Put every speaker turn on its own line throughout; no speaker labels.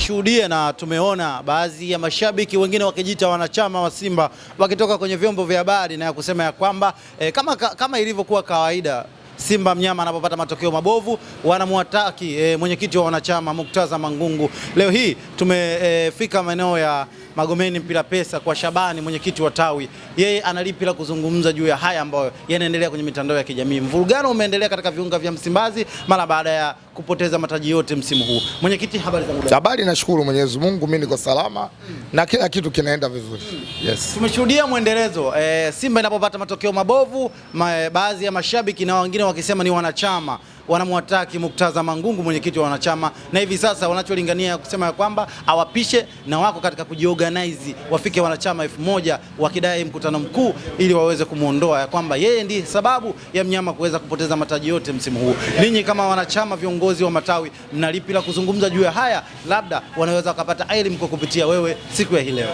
tumeshuhudia na tumeona baadhi ya mashabiki wengine wakijita wanachama wa Simba wakitoka kwenye vyombo vya habari na kusema ya kwamba e, kama, kama ilivyokuwa kawaida Simba mnyama anapopata matokeo mabovu wanamwataki e, mwenyekiti wa wanachama Muktaza Mangungu. Leo hii tumefika eh, e, maeneo ya Magomeni mpira pesa kwa Shabani, mwenyekiti wa tawi. Yeye analipi la kuzungumza juu ya haya ambayo yanaendelea kwenye mitandao ya kijamii. Mvurugano umeendelea katika viunga vya Msimbazi mara baada ya kupoteza mataji yote msimu huu. Mwenyekiti, habari za muda?
Habari, nashukuru Mwenyezi Mungu, mimi niko salama mm. na kila kitu kinaenda vizuri mm.
yes. Tumeshuhudia mwendelezo e, Simba inapopata matokeo mabovu ma, eh, baadhi ya mashabiki na wengine wakisema ni wanachama wanamwataki muktaza Mangungu, mwenyekiti wa wanachama, na hivi sasa wanacholingania kusema ya kwamba awapishe na wako katika kujiorganize, wafike wanachama elfu moja wakidai mkutano mkuu ili waweze kumwondoa, ya kwamba yeye ndiye sababu ya mnyama kuweza kupoteza mataji yote msimu huu. Ninyi kama wanachama, viongozi wa matawi, mna lipi la kuzungumza juu ya haya? Labda wanaweza wakapata elimu kwa kupitia wewe siku ya hii leo.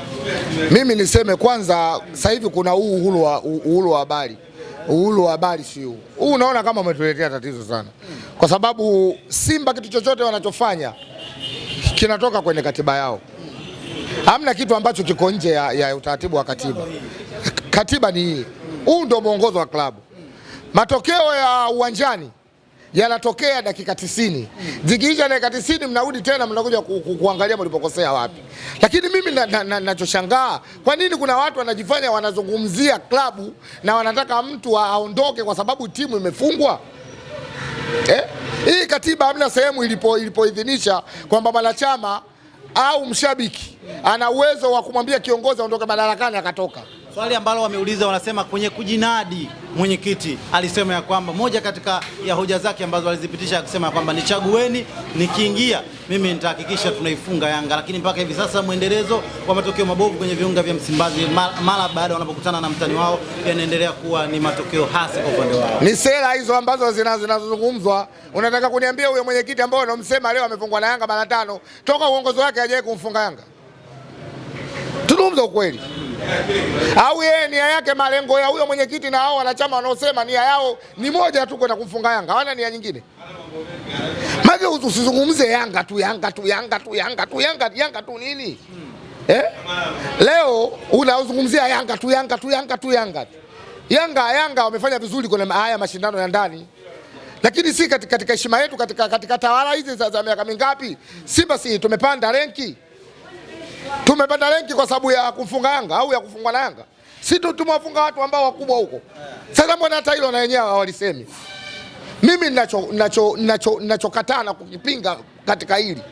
Mimi niseme kwanza, sasa hivi kuna huu uhuru wa habari Uhuru wa habari si huu huu, unaona kama umetuletea tatizo sana, kwa sababu Simba kitu chochote wanachofanya kinatoka kwenye katiba yao. Hamna kitu ambacho kiko nje ya, ya utaratibu wa katiba. Katiba ni hii, huu ndio mwongozo wa klabu. Matokeo ya uwanjani yanatokea dakika tisini zikiisha dakika tisini mnarudi tena mnakuja ku, ku, kuangalia mlipokosea wapi. Lakini mimi nachoshangaa na, na, kwa nini kuna watu wanajifanya wanazungumzia klabu na wanataka mtu aondoke kwa sababu timu imefungwa eh? Hii katiba hamna sehemu ilipo kwamba mwanachama au mshabiki ana uwezo wa kumwambia kiongozi aondoke madarakani akatoka.
Swali ambalo wameuliza wanasema kwenye kujinadi mwenyekiti alisema ya kwamba moja katika ya hoja zake ambazo alizipitisha akisema kwamba nichagueni, nikiingia mimi nitahakikisha tunaifunga Yanga, lakini mpaka hivi sasa mwendelezo wa matokeo mabovu kwenye viunga vya Msimbazi mara baada wanapokutana na mtani wao yanaendelea kuwa ni matokeo hasi kwa upande wao.
Ni sera hizo ambazo zinazozungumzwa. Unataka kuniambia huyo mwenyekiti ambao unamsema leo amefungwa na Yanga mara tano toka uongozi wake hajawahi kumfunga Yanga? Tuzungumze ukweli au yeye nia yake, malengo ya huyo mwenyekiti na hao wanachama wanaosema nia yao ni moja tu, kwenda kumfunga Yanga, hawana nia nyingine. Maana usizungumze Yanga tu, Yanga tu, Yanga tu, Yanga tu, Yanga, Yanga tu nini? Eh? Leo unaozungumzia Yanga tu, Yanga tu, Yanga tu, Yanga Yanga Yanga wamefanya vizuri kwenye haya mashindano ya ndani, lakini si katika heshima yetu, katika, katika tawala hizi za miaka mingapi Simba si tumepanda renki tumepata renki kwa sababu ya kumfunga Yanga au ya kufungwa na Yanga? Si tu tumewafunga watu ambao wakubwa huko. Sasa mbona hata hilo na wenyewe hawalisemi? Mimi ninacho ninacho ninachokataa na kukipinga katika hili,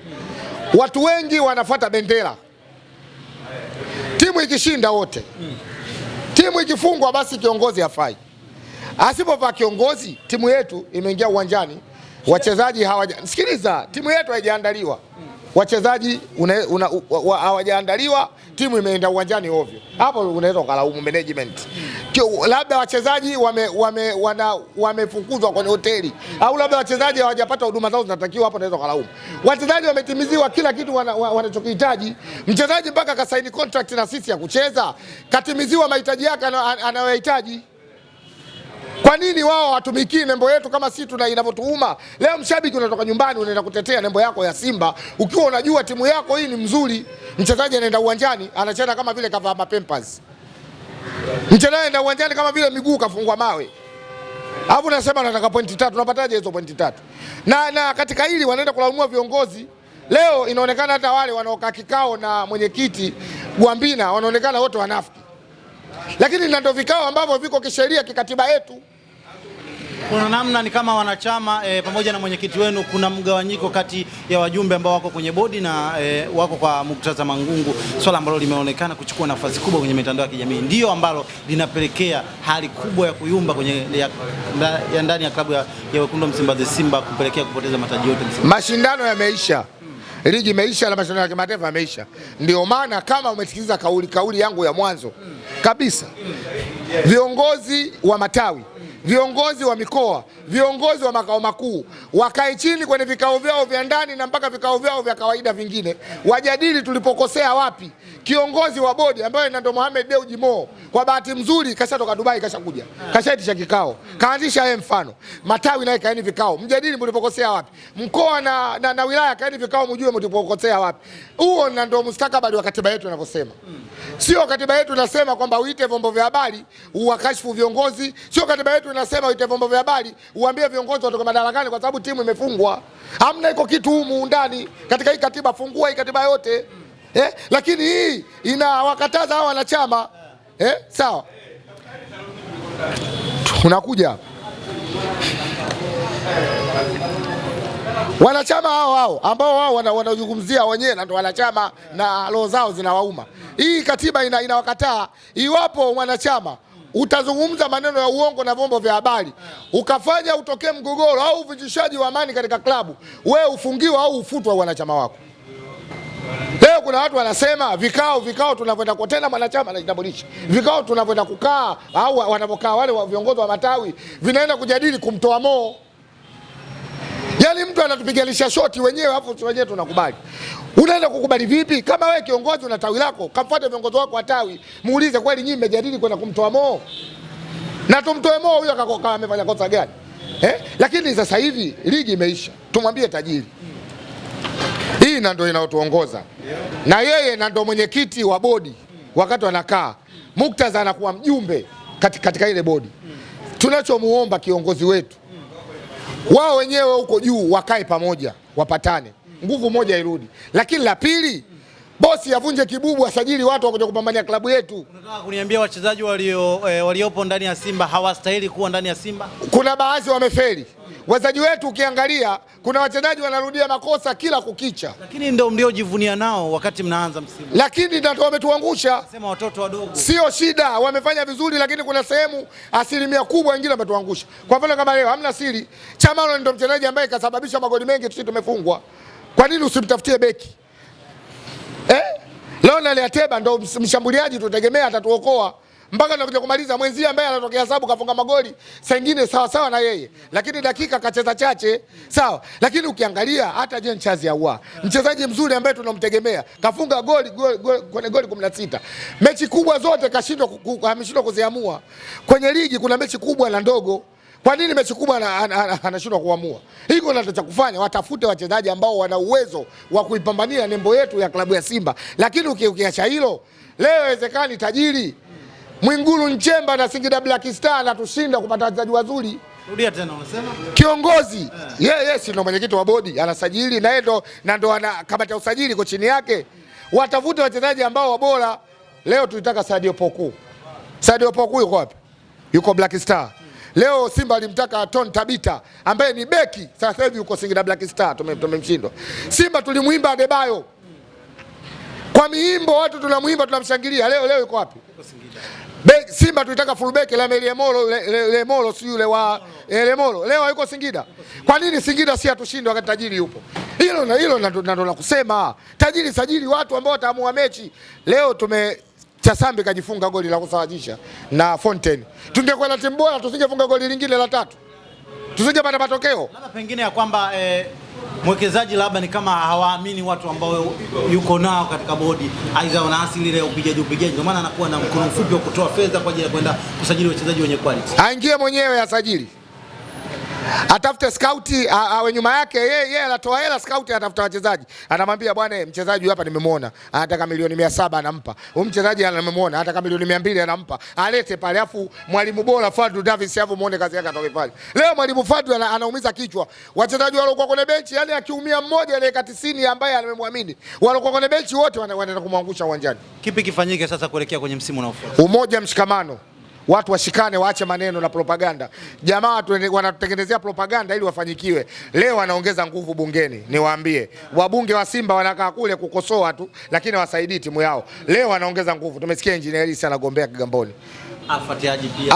watu wengi wanafuata bendera. Timu ikishinda wote, timu ikifungwa basi kiongozi hafai. Asipovaa kiongozi, timu yetu imeingia uwanjani, wachezaji hawaja sikiliza, timu yetu haijaandaliwa wachezaji hawajaandaliwa timu imeenda uwanjani ovyo. Hapo unaweza ukalaumu management Kyo, labda wachezaji wamefukuzwa wame, wame kwenye hoteli au labda wachezaji hawajapata huduma zao zinatakiwa. Hapo unaweza ukalaumu wachezaji, wametimiziwa kila kitu wanachokihitaji wana, wana mchezaji mpaka akasaini contract na sisi ya kucheza, katimiziwa mahitaji yake anayohitaji. Kwa nini wao watumikii nembo yetu kama sisi tuna inavyotuuma? Leo mshabiki unatoka nyumbani unaenda kutetea nembo yako ya Simba ukiwa unajua timu yako hii ni mzuri. Mchezaji anaenda uwanjani anacheza kama vile kavaa mapempers, mchezaji anaenda uwanjani kama vile miguu kafungwa mawe, alafu nasema nataka pointi tatu. Unapataje hizo pointi tatu? Na, na katika hili wanaenda kulaumiwa viongozi. Leo inaonekana hata wale wanaokaa kikao na mwenyekiti Gwambina wanaonekana wote wanafiki, lakini na ndio vikao ambavyo viko kisheria kikatiba yetu
kuna namna ni kama wanachama e, pamoja na mwenyekiti wenu, kuna mgawanyiko kati ya wajumbe ambao wako kwenye bodi na e, wako kwa Murtaza Mangungu, swala ambalo limeonekana kuchukua nafasi kubwa kwenye mitandao ya kijamii, ndiyo ambalo linapelekea hali kubwa ya kuyumba kwenye ya, ya ndani ya klabu ya, ya wekundu Msimbazi Simba kupelekea kupoteza mataji yote.
Mashindano yameisha ligi imeisha na mashindano ya kimataifa yameisha. Ndio maana kama umesikiliza kauli kauli yangu ya mwanzo kabisa, viongozi wa matawi viongozi wa mikoa, viongozi wa makao makuu wakae chini kwenye vikao vyao vya ndani na mpaka vikao vyao vya kawaida vingine, wajadili tulipokosea wapi. Kiongozi wa bodi ambaye ndo Mohamed Deuji Mo, kwa bahati mzuri kashatoka Dubai, kashakuja, kashaitisha kikao, kaanzisha yeye mfano matawi naye, kaeni vikao mjadili mlipokosea wapi, mkoa na, na, na wilaya, kaeni vikao mjue mlipokosea wapi. Huo na ndo mustakabali wa katiba yetu inavyosema. Sio katiba yetu inasema kwamba uite vyombo vya habari uwakashifu viongozi, sio katiba yetu nasema uite vyombo vya habari uambie viongozi watoke madarakani, kwa sababu timu imefungwa. Hamna iko kitu humu ndani katika hii katiba, fungua hii katiba yote eh, lakini hii inawakataza hawa wanachama eh, sawa. Tunakuja wanachama hao hao ambao wao wanazungumzia wenyewe na ndo wanachama na roho zao zinawauma. Hii katiba inawakataa ina iwapo mwanachama utazungumza maneno ya uongo na vyombo vya habari eh. ukafanya utokee mgogoro au uvunjishaji wa amani katika klabu, wewe ufungiwa au ufutwa wanachama wako. Leo kuna watu wanasema vikao vikao, tunavyoenda kwa tena mwanachama anajitambulisha, vikao tunavyoenda kukaa au wanavyokaa wale viongozi wa matawi vinaenda kujadili kumtoa Moo. Yaani mtu anatupigalisha shoti wenyewe afu wenyewe tunakubali. Unaenda kukubali vipi? Kama wewe kiongozi una tawi lako, kamfuate viongozi wako wa tawi, muulize kweli nyinyi mmejadili kwenda kumtoa Mo? Na tumtoe Mo huyo kama amefanya kosa gani? Eh? Lakini sasa hivi ligi imeisha. Tumwambie tajiri. Hii na ndio inayotuongoza. Na yeye na ndio mwenyekiti wa bodi wakati wanakaa. Muktaza anakuwa mjumbe katika, katika ile bodi. Tunachomuomba kiongozi wetu wao wenyewe huko juu wakae pamoja, wapatane, nguvu moja irudi. Lakini la pili, bosi avunje kibubu, asajili watu wakuja kupambania klabu yetu.
Unataka kuniambia wachezaji walio, eh, waliopo ndani ya Simba hawastahili kuwa ndani ya Simba?
Kuna baadhi wamefeli. Wachezaji wetu ukiangalia, kuna wachezaji wanarudia makosa kila kukicha,
lakini ndio mliojivunia nao wakati mnaanza msimu,
lakini ndio wametuangusha.
Sema watoto wadogo
sio shida, wamefanya vizuri, lakini kuna sehemu asilimia kubwa wengine wametuangusha. Kwa mfano kama leo, hamna siri, Chamalo ndio mchezaji ambaye kasababisha magoli mengi, sisi tumefungwa. Kwa nini usimtafutie beki eh? na Ateba ndio mshambuliaji tutegemea atatuokoa mpaka nakuja kumaliza mwenzie ambaye anatokea hesabu kafunga magoli sengine sawa sawa na yeye, lakini dakika kacheza chache sawa. Lakini ukiangalia hata Jean Charles Ahoua mchezaji mzuri ambaye tunamtegemea kafunga goli goli kwenye goli 16 mechi kubwa zote kashindwa, ameshindwa kuziamua. Kwenye ligi kuna mechi kubwa na ndogo kwa nini mechi kubwa anashindwa kuamua? Hiko ndio cha kufanya, watafute wachezaji ambao wana uwezo wa kuipambania nembo yetu ya klabu ya Simba. Lakini ukiacha hilo, leo haiwezekani tajiri Mwingulu Nchemba na Singida Black Star anatushinda kupata wachezaji wazuri.
Rudia tena unasema?
Kiongozi Yeye yeah. Yeah, ye si ndo mwenyekiti wa bodi anasajili na ndo na ndo ana kamati ya usajili kwa chini yake, watavuta wachezaji ambao wa bora. Leo tulitaka Sadio Poku. Sadio Poku yuko wapi? Yuko Black Star. Leo Simba alimtaka Ton Tabita ambaye ni beki, sasa hivi yuko Singida Black Star, tumemshindwa. Simba tulimuimba Adebayo kwa miimbo, watu tunamuimba tunamshangilia, leo leo yuko wapi? Be, Simba tulitaka fullback Lemolo le, le, Lemolo si yule wa eh, Lemolo leo yuko Singida. Kwa nini Singida si atushinde wakati tajiri yupo? Hilo na hilo ndo la kusema. Tajiri sajili watu ambao wataamua mechi. Leo tume Chasambi kajifunga goli la kusawajisha na Fontaine. Tungekuwa na timu bora tusingefunga goli lingine la tatu. Tusingepata matokeo.
Labda pengine ya kwamba eh mwekezaji labda ni kama hawaamini watu ambao yuko nao katika bodi, aidha wana asili ile upigaji upigaji, ndio maana anakuwa na mkono mfupi wa kutoa fedha kwa ajili ya kwenda kusajili wachezaji wenye quality.
Aingie mwenyewe asajili atafute skauti awe nyuma yake yeye, yeye anatoa hela, skauti anatafuta wachezaji, anamwambia bwana, eh, mchezaji hapa nimemuona anataka milioni 700 anampa. Huyu mchezaji anamemuona anataka milioni 200 anampa, alete pale. Afu mwalimu bora Fadlu Davis hapo, muone kazi yake pale leo. Mwalimu Fadlu anaumiza kichwa, wachezaji waliokuwa kwenye benchi, yani akiumia mmoja ile katisini ambaye amemwamini waliokuwa kwenye benchi wote wanaenda kumwangusha uwanjani.
Kipi kifanyike sasa kuelekea kwenye msimu unaofuata?
Umoja, mshikamano Watu washikane, waache maneno na propaganda. Jamaa wanatengenezea propaganda ili wafanyikiwe. Leo wanaongeza nguvu bungeni, niwaambie wabunge wa Simba wanakaa kule kukosoa tu, lakini wasaidii timu yao. Leo wanaongeza nguvu. Tumesikia engineer Isa anagombea Kigamboni,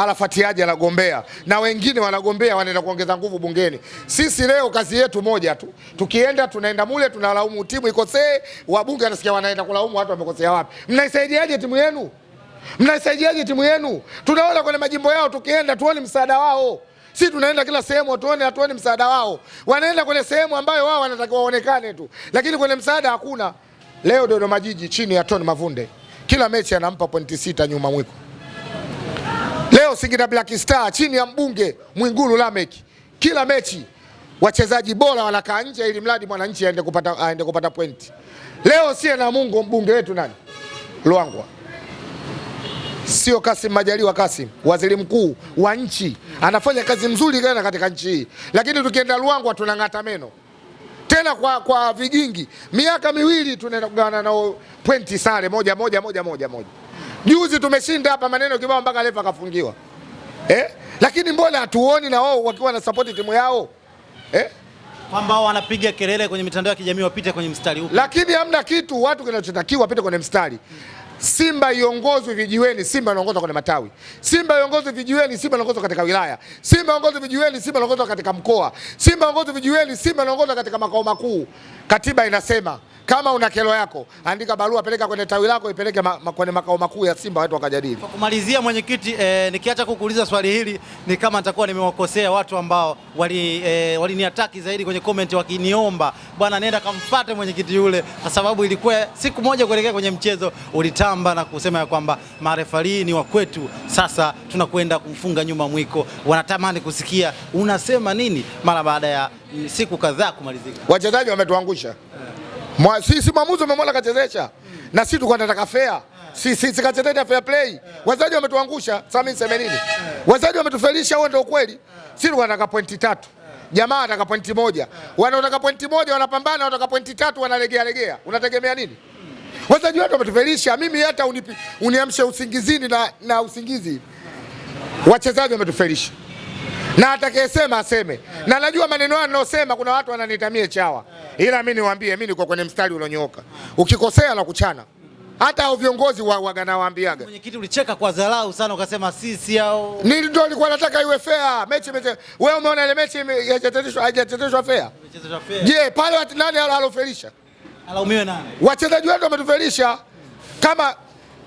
Alafatiaji pia anagombea na wengine wanagombea, wanaenda kuongeza nguvu bungeni. Sisi leo kazi yetu moja tu, tukienda tunaenda mule tunalaumu timu ikosee, wabunge wanasikia wanaenda kulaumu watu wamekosea wapi. Mnaisaidiaje timu yenu? Mnaisaidiaje timu yenu? Tunaona kwenye majimbo yao tukienda, tuone msaada wao. Si tunaenda kila sehemu, tuone hatuone msaada wao. Wanaenda kwenye sehemu ambayo wao wanatakiwa waonekane tu, lakini kwenye msaada hakuna. Leo Dodoma Jiji chini ya Tony Mavunde kila mechi anampa pointi sita nyuma mwiko. Leo Singida Black Star chini ya mbunge Mwigulu Lameck kila mechi wachezaji bora wanakaa nje ili mradi mwananchi aende kupata, aende kupata pointi. Leo sie na Mungu mbunge wetu nani Luangwa sio Kasim Majaliwa Kasim, waziri mkuu wa nchi anafanya kazi nzuri sana katika nchi hii, lakini tukienda Luangwa tunang'ata meno tena kwa, kwa vijingi. Miaka miwili tunaenda kugawana nao pointi sare moja moja moja moja moja. Juzi tumeshinda hapa maneno kibao mpaka lefa kafungiwa eh? Lakini mbona hatuoni na wao wakiwa na support timu yao eh?
kwamba wao wanapiga kelele kwenye mitandao ya kijamii wapite kwenye mstari upi,
lakini hamna kitu watu kinachotakiwa wapite kwenye mstari hmm. Simba iongozwe vijiweni, Simba inaongozwa kwenye matawi. Simba iongozwe vijiweni, Simba inaongozwa katika wilaya. Simba iongozwe vijiweni, Simba inaongozwa katika mkoa. Simba iongozwe vijiweni, Simba inaongozwa katika makao makuu. Katiba inasema kama una kero yako, andika barua, peleka kwenye tawi lako, ipeleke ma, ma, kwenye makao makuu ya Simba, watu wakajadili. Kwa
kumalizia, mwenyekiti, eh, nikiacha kukuuliza swali hili ni kama nitakuwa nimewakosea watu ambao wali eh, waliniataki zaidi kwenye comment wakiniomba, bwana, nenda kamfuate mwenyekiti yule, kwa sababu ilikuwa siku moja kuelekea kwenye mchezo ulitamba na kusema ya kwamba marefali ni wa kwetu, sasa tunakwenda kumfunga nyuma mwiko. Wanatamani kusikia unasema nini mara baada ya siku kadhaa kumalizika.
Wachezaji wametuangusha. Mwa, si, si mwamuzi umemwona kachezesha mm. na sisi tulikuwa tunataka fair si, si, si kachezesha fair play yeah. Wazaji wametuangusha sasa, mimi niseme nini? yeah. Wazaji wametufelisha, huo ndio ukweli yeah. Sisi tulikuwa tunataka pointi tatu yeah. Jamaa anataka pointi moja yeah. Wanaotaka pointi moja wanapambana, wanataka pointi tatu wanalegea legea, unategemea nini? mm. Wazaji wetu wametufelisha, mimi hata uniamshe usingizini na, na usingizi. Wachezaji wametufelisha na atakayesema aseme yeah. Na najua maneno yanayosema kuna watu wananitamie chawa yeah ila mi niwaambie, mimi niko kwenye mstari ulionyooka, ukikosea na kuchana hata au viongozi waganawaambiaga.
Mwenyekiti, ulicheka kwa dharau sana, ukasema sisi hao.
Ndio alikuwa anataka iwe fair mechi. Wewe umeona ile mechi haijachezeshwa fair. Je, pale nani alofelisha? Alaumiwe nani? Wachezaji wetu wametufelisha kama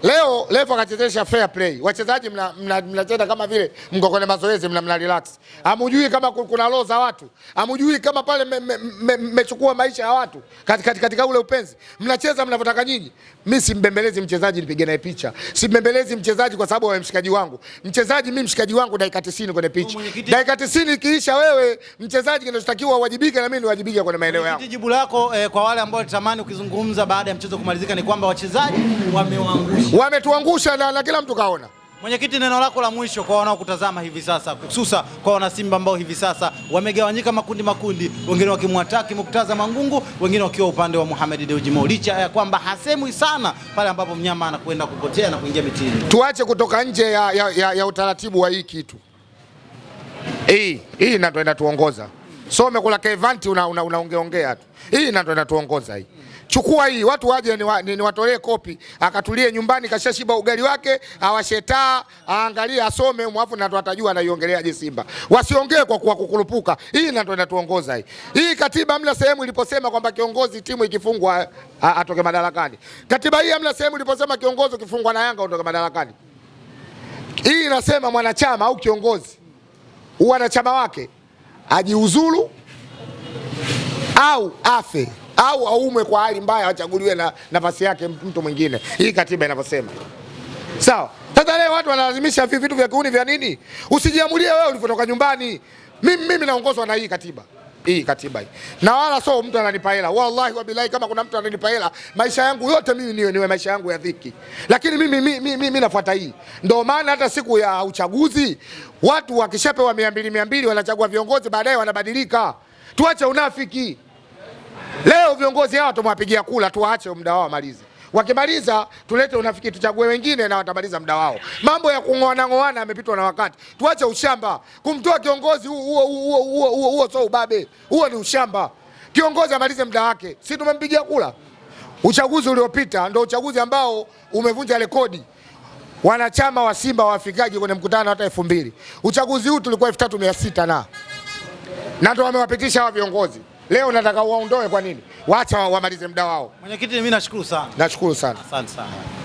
Leo Levo akachezesha fair play. Wachezaji mnacheza mna, mna kama vile mko kwenye mazoezi mna, mna relax. Hamujui kama kuna roho za watu. Hamujui kama pale mmechukua me, me, me, maisha ya watu katika, katika ule upenzi. Mnacheza mnavyotaka nyinyi. Mi simbembelezi mchezaji nipige naye picha, simbembelezi mchezaji kwa sababu wa mshikaji wangu. Mchezaji mi mshikaji wangu dakika 90 kwenye picha, dakika 90 ikiisha, wewe mchezaji kinachotakiwa uwajibike na mi niwajibike kwenye maeneo yangu.
Jibu lako eh, kwa wale ambao walitamani ukizungumza baada ya mchezo kumalizika ni kwamba wachezaji wamewaangusha, wametuangusha na, na kila mtu kaona. Mwenyekiti, neno lako la mwisho kwa wanaokutazama hivi sasa, hususa kwa wanasimba ambao hivi sasa wamegawanyika makundi makundi, wengine wakimwataki Muktaza Mangungu, wengine wakiwa upande wa Mohamed Dewji Mo, licha ya kwamba hasemwi sana pale ambapo mnyama anakwenda kupotea na kuingia mitini.
Tuache kutoka nje ya, ya, ya, ya utaratibu wa hii kitu hii hii ndio inatuongoza. So umekula kevanti unaongeongea una tu, hii ndio inatuongoza hii chukua hii, watu waje niwatolee ni, kopi, akatulie nyumbani, kashashiba ugali wake, awashetaa aangalie, asome mwafu, na ndo atajua anaiongeleaje Simba. Wasiongee kwa kuwa kukurupuka, hii ndio inatuongoza hii. Hii katiba mla sehemu iliposema kwamba kiongozi timu ikifungwa atoke madarakani. Katiba hii mla sehemu iliposema kiongozi ukifungwa na Yanga utoke madarakani. Hii inasema mwanachama au kiongozi wanachama wake ajiuzulu au afe au aumwe kwa hali mbaya achaguliwe na nafasi yake mtu mwingine, hii katiba inavyosema. Sawa. Sasa leo watu wanalazimisha vitu vya kuni vya nini? Usijiamulie wewe ulivyotoka nyumbani. Mimi mimi naongozwa na hii katiba hii katiba hii, na wala so mtu ananipa hela. Wallahi wabilahi, kama kuna mtu ananipa hela maisha yangu yote mimi niwe niwe maisha yangu ya dhiki, lakini mimi mimi, mimi, mi nafuata hii. Ndio maana hata siku ya uchaguzi watu wakishapewa mia mbili mia mbili wanachagua viongozi, baadaye wanabadilika. Tuache unafiki. Leo viongozi hawa tumwapigia kula, tuwaache muda wao wamalize. Wakimaliza tulete unafiki, tuchague wengine na watamaliza muda wao. Mambo ya kung'oana ng'oana yamepitwa na wakati, tuache ushamba. Kumtoa kiongozi huo huo huo huo huo, sio ubabe, huo ni ushamba. Kiongozi amalize muda wake, si tumempigia kula. Uchaguzi uliopita ndio uchaguzi ambao umevunja rekodi wanachama wa Simba wafikaji kwenye mkutano hata elfu mbili. Uchaguzi huu tulikuwa elfu tatu mia sita na na ndio wamewapitisha hawa viongozi leo nataka uwaondoe. Kwa nini? Wacha wamalize muda wao.
Mwenyekiti, mimi nashukuru sana,
nashukuru sana, asante sana.